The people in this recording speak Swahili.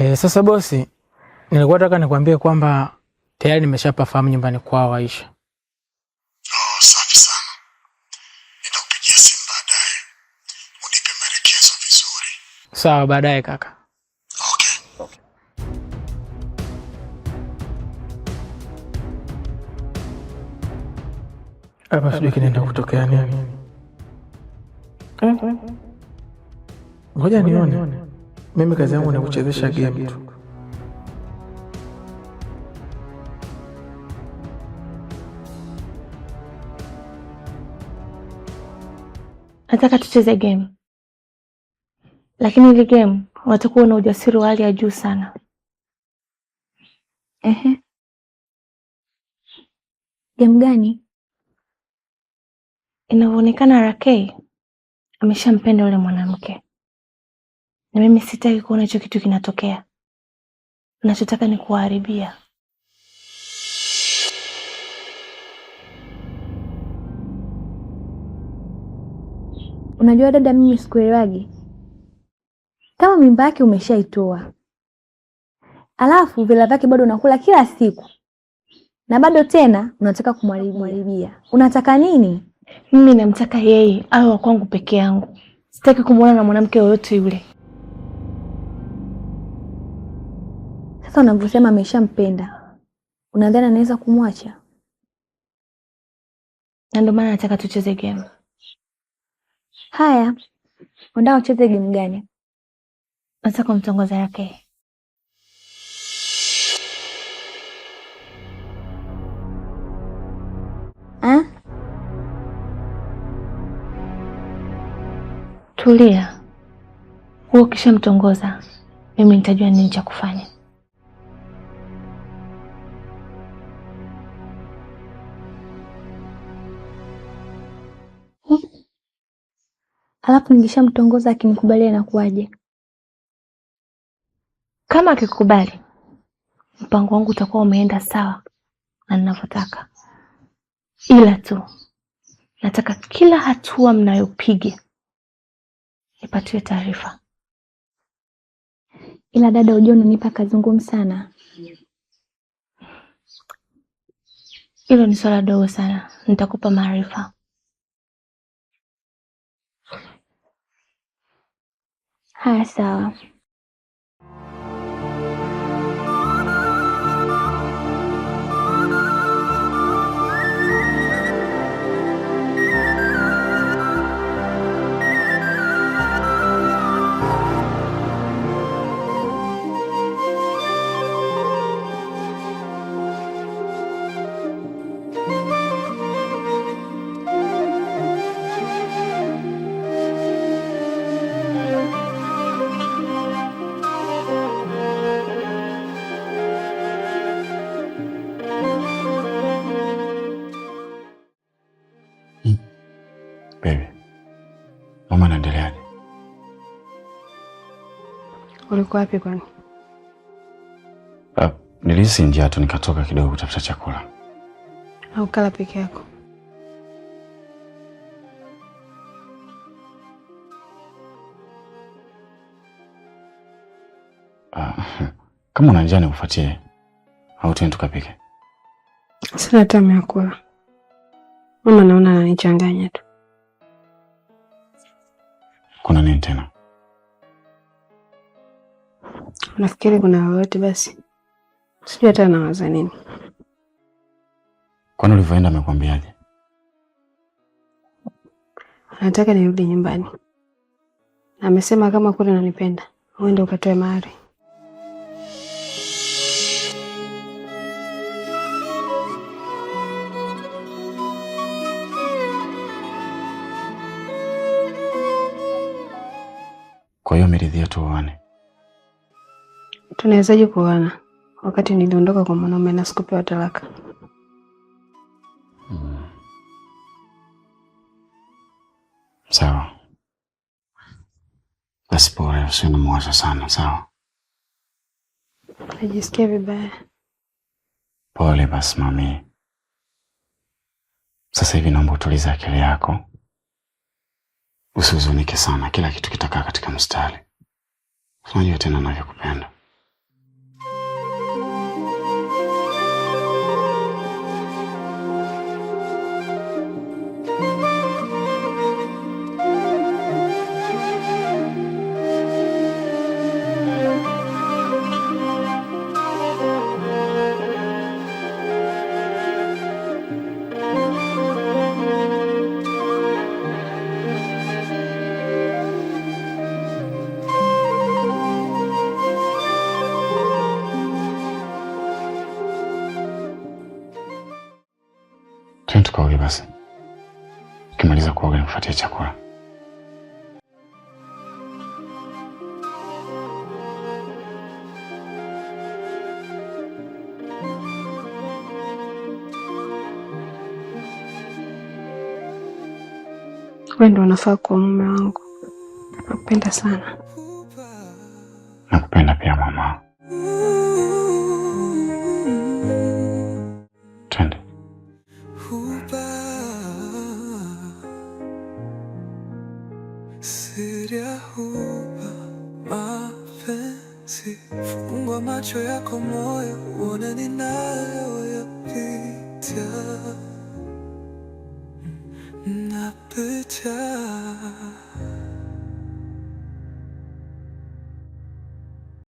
E, sasa bosi, nilikuwa nataka nikwambie kwamba tayari nimeshapafahamu nyumbani kwao Aisha. Oh, sana. Nitakupigia simu baadaye unipe maelekezo vizuri. Sawa, baadaye kaka. Hapa sijui kinaenda kutokea nini. Eh, ngoja nione. Mimi kazi yangu ni kuchezesha game tu. Nataka tucheze game, lakini ile game watakuwa na ujasiri wa hali ya juu sana. Ehe, game gani? Inavyoonekana Rakei ameshampenda yule mwanamke na mimi sitaki kuona hicho kitu kinatokea. Nachotaka ni kuwaharibia. Unajua dada, mimi sikuelewagi. Kama mimba yake umeshaitoa, alafu vila vyake bado unakula kila siku, na bado tena unataka kumharibia, unataka nini? Mimi namtaka yeye awe wa kwangu peke yangu, sitaki kumwona na mwanamke yoyote yule. Sasa unavyosema ameshampenda, unadhani anaweza kumwacha? Na ndio maana nataka tucheze game. Haya, unataka ucheze game gani? Nataka kumtongoza yake. Ah? Tulia. Huo kisha mtongoza, mimi nitajua nini cha kufanya. alafu nikishamtongoza akinikubali inakuwaje? Kama akikubali, mpango wangu utakuwa umeenda sawa na ninavyotaka, ila tu nataka kila hatua mnayopiga nipatiwe taarifa. Ila dada, ujua unanipa kazi ngumu sana. Hilo ni swala dogo sana, nitakupa maarifa. has Uliko wapi kwani? Uh, nilihisi njia tu nikatoka kidogo kutafuta chakula. Au kala peke yako? Uh, kama una njia nikufuatie au tuende tukapike? Sina tamaa ya kula. Mama naona ananichanganya tu. Kuna nini tena? Nafikiri kuna wote basi, sijui hata nawaza nini. Kwani ulivyoenda amekwambiaje? Anataka nirudi nyumbani, amesema kama kule nanipenda uende ukatoe mahari. Kwa hiyo ameridhia tuoane? tunawezaje kuoana wakati niliondoka kwa mwanaume na sikupewa talaka? Hmm. Sawa basi, pole, usinimwaza sana sawa. Najisikia vibaya. Pole basi mami. Sasa hivi naomba utulize akili yako, usihuzunike sana, kila kitu kitakaa katika mstari. Unajua tena navyokupenda. tukaoge basi. Ukimaliza kuoga nikupatie chakula. Wewe ndo unafaa kuwa mume wangu. Nakupenda sana. Nakupenda pia mama. 후바 마펜시 풍과 맞춰야 고모여 원한이 나요 옆이자 음, 나쁘자